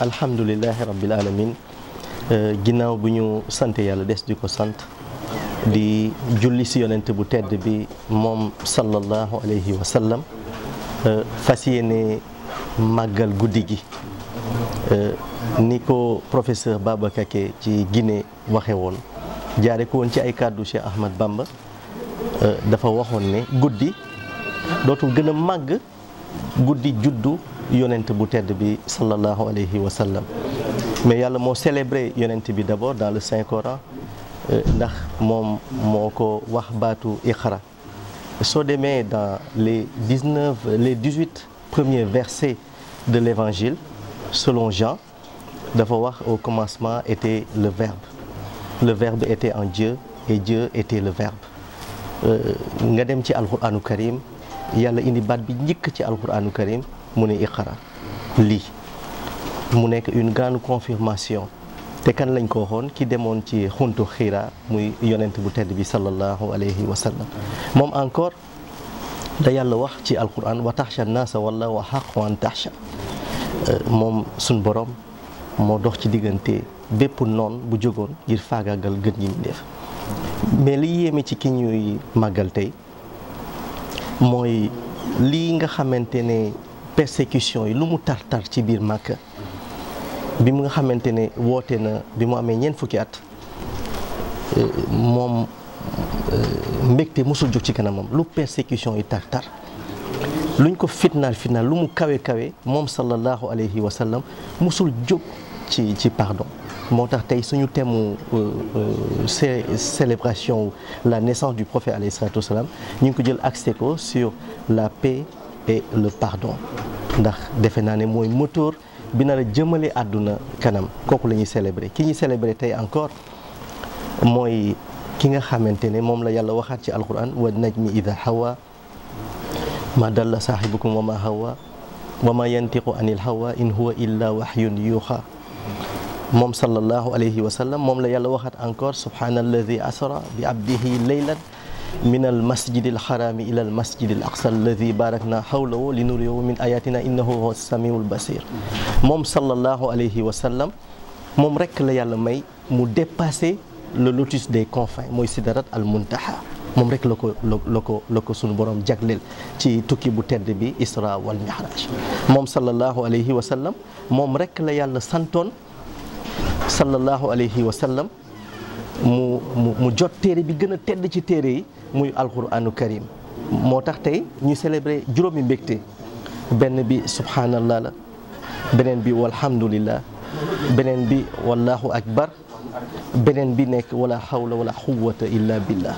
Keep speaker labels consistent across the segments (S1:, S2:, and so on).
S1: alhamdulilahi rabbil alamin euh, ginnaaw bu ñu sante yàlla des di ko sant di julli si yonent bu tedd bi moom sallallahu alayhi wa euh, fas yéene màggal guddi gi euh, ni ko professeur Babacar Kake ci gine waxe woon jaare ko woon ci ay kàddu Cheikh Ahmad Bamba dafa waxoon ne guddi dootul gën màgg guddi juddu yonent bu tedd bi sallallahu alayhi wa sallam mais yàlla moo célébré yonent bi d'abord dans le Saint Coran euh, ndax moom moo ko wax baatu iqra soo demee dans les dix-neuf les dix-huit premiers versets de l'évangile selon Jean dafa wax au commencement était le verbe le verbe était en Dieu et Dieu était le verbe euh, nga dem ci alquranu karim yàlla indi baat bi njëkk ci alquranu karim mu ne iqara lii mu nekk une grande confirmation te kan lañ ko waxoon ki demoon ci xuntu xiiraa muy yonent bu tedd bi sallallahu alayhi wa sallam moom encore da yàlla wax ci alquran wa taxsha naasa wala wa xaq an taxsha euh, moom suñ borom moo dox ci diggante bépp noon bu jógoon ngir faagaagal gën ñi mu def mais li yéeme ci ki ñuy màggal tey mooy lii nga xamante ne persécution yi lu mu tar-tar ci biir Màkka bi mu nga xamante ne woote na bi mu amee ñeent fukki at euh, moom euh, mbégte mosul jóg ci kanamam lu persécution yi tar-tar luñ ko fitnaal fitnaal lu mu kawe kawe moom sallallahu alayhi wa sallam mosul jóg ci ci pardon moo tax tey suñu thème mu euh, célébration la naissance du prophète alayhi salatu wasalaam ñu ngi ko jël axé ko sur la paix et le pardon ndax defe naa ne mooy moteur bi nar a jëmale àdduna kanam kooku la ñuy célébrer ki ñuy célébrer tey encore mooy ki nga xamante ne moom la yàlla waxaat ci alquran wa najmi ida hawa ma dalla saahibukum wa ma hawa wa ma yantiqu anil hawa in huwa illa wahyun yuuxa moom sallallahu alayhi wa sallam moom la yàlla waxaat encore subhaana asra bi abdihi laylan min al masjid al xaraami ila al masjid al aqsa alladi barakna xawlawo li nuriyahu min ayatina innahu huwa samiul basir moom sallallahu alayhi wa sallam moom rek la yàlla may mu dépassé le lotus des confins mooy sidarat al muntaha moom rek la ko la ko la ko sunu borom jagleel ci tukki bu tedd bi isra wal mihraj moom sallallahu alayhi wa sallam moom rek la yàlla santoon sallallahu alayhi wa sallam mu mu jot téere bi gën a tedd ci téere yi muy alquranu karim moo tax tey ñu célébrer juróomi mbégte benn bi subhanallah la beneen bi walhamdulillah beneen bi wallahu akbar beneen bi nekk wala hawla wala quwwata illa billah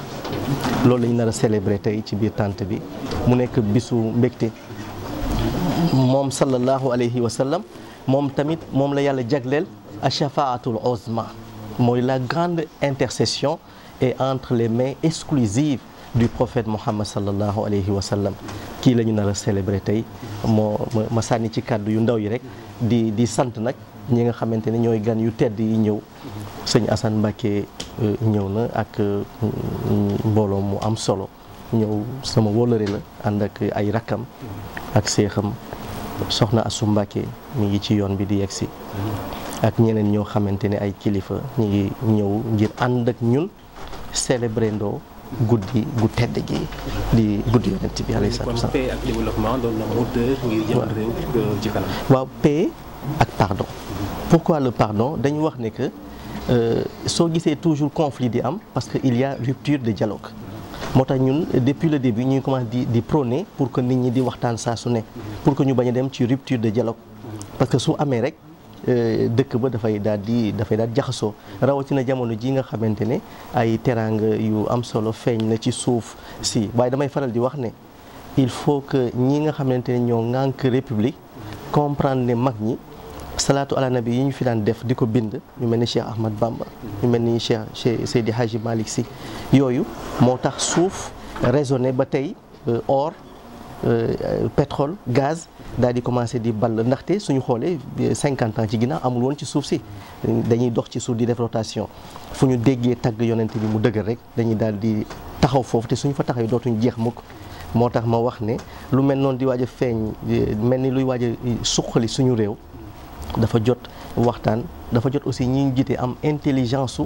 S1: loolu lañ nar a tey ci biir tànt bi mu nekk bisu mbégte moom sallallahu alayhi wa sallam moom tamit moom la yàlla jagleel a shafaatul uzma mooy la grande intercession est entre les mains exclusives du prophète Mohammed sallallahu alayhi wa sallam kii lañu na la a tey moo ma sànni ci kàddu yu ndaw yi rek di di sant nag ñi nga xamante ne ñooy gan yu tedd yi ñëw sëñ Assane Mbacké euh, ñëw na ak euh, mbooloo mu am solo ñëw sama wóllëre la ànd ak ay rakkam ak seexam soxna Assou Mbacké mi ngi ci yoon bi di si ak ñeneen ñoo xamante ne ay kilifa ñu ngi ñëw ngir ànd ak ñun célébrer ndoo guddi gu tedd gi di guddi yonent bi alayhi salaatu wasalaam. kon ak développement doon na moteur ak pardon. pourquoi le pardon dañu wax ne que euh, soo gisee toujours conflit di am parce que il y rupture de dialogue. moo tax ñun depuis le début ñuy commencé di di prôner pour que nit ñi di waxtaan saa su ne. pour que ñu bañ dem ci rupture de dialogue. parce que su amee rek. Euh, dëkk ba dafay daal di dafay daal jaxasoo rawatina jamono ji nga xamante ne ay teraanga yu am solo feeñ na ci suuf si waaye damay faral di wax ne il faut que ñi nga xamante ne ñoo ŋànk république comprendre ne mag ñi salaatu ala nabi ñu fi daan def di ko bind ñu mel ni Cheikh Ahmad Bamba ñu mel ni Cheikh Seydi Hadji Malick Sy yooyu moo tax suuf raisonné ba tey euh, or euh, pétrole gaz daal di commencé di bal ndaxte suñu xoolee 50 eh, ans ci ginnaaw amul woon ci suuf si dañuy dox ci suuf di def rotation fu ñu déggee tagg yonent bi mu dëgër rek dañuy daal di taxaw foofu te suñu fa taxawee dootuñu jeex mukk moo tax ma wax ne lu mel noonu di waaj feeñ eh, mel ni luy waaj a eh, suqali suñu réew dafa jot waxtaan dafa jot aussi ñi jiite am intelligence su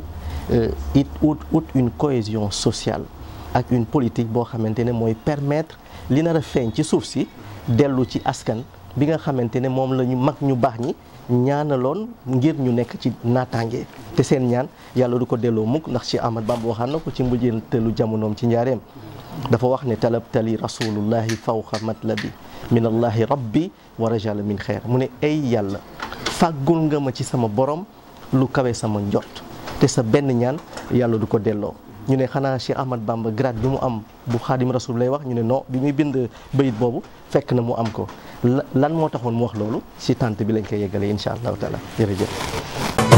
S1: it ut ut une cohésion sociale ak une politique boo xamante ne mooy permettre li nar a feeñ ci suuf si dellu ci askan bi nga xamante ne moom lañu mag ñu baax ñi ñaanaloon ngir ñu nekk ci naataange te seen ñaan yàlla du ko delloo mukk ndax ci Ahmad Bamba waxaan ko ci mujjanteelu jamonoom ci njaareem dafa wax ne talabtali rasulullahi fawqa matlabi min allahi rabbi wa rajala min xeer mu ne ay yàlla fàggul nga ma ci sama borom lu kawe sama njot te sa benn ñaan yàlla du ko delloo ñu ne xanaa Cheikh Ahmad Bamba grade bi mu am bu xaadim rasul lay wax ñu ne non bi muy bind bayit boobu fekk na mu am ko lan moo taxoon mu wax loolu si tànt bi lañ koy yeggalee incha allahu taala jërëjëf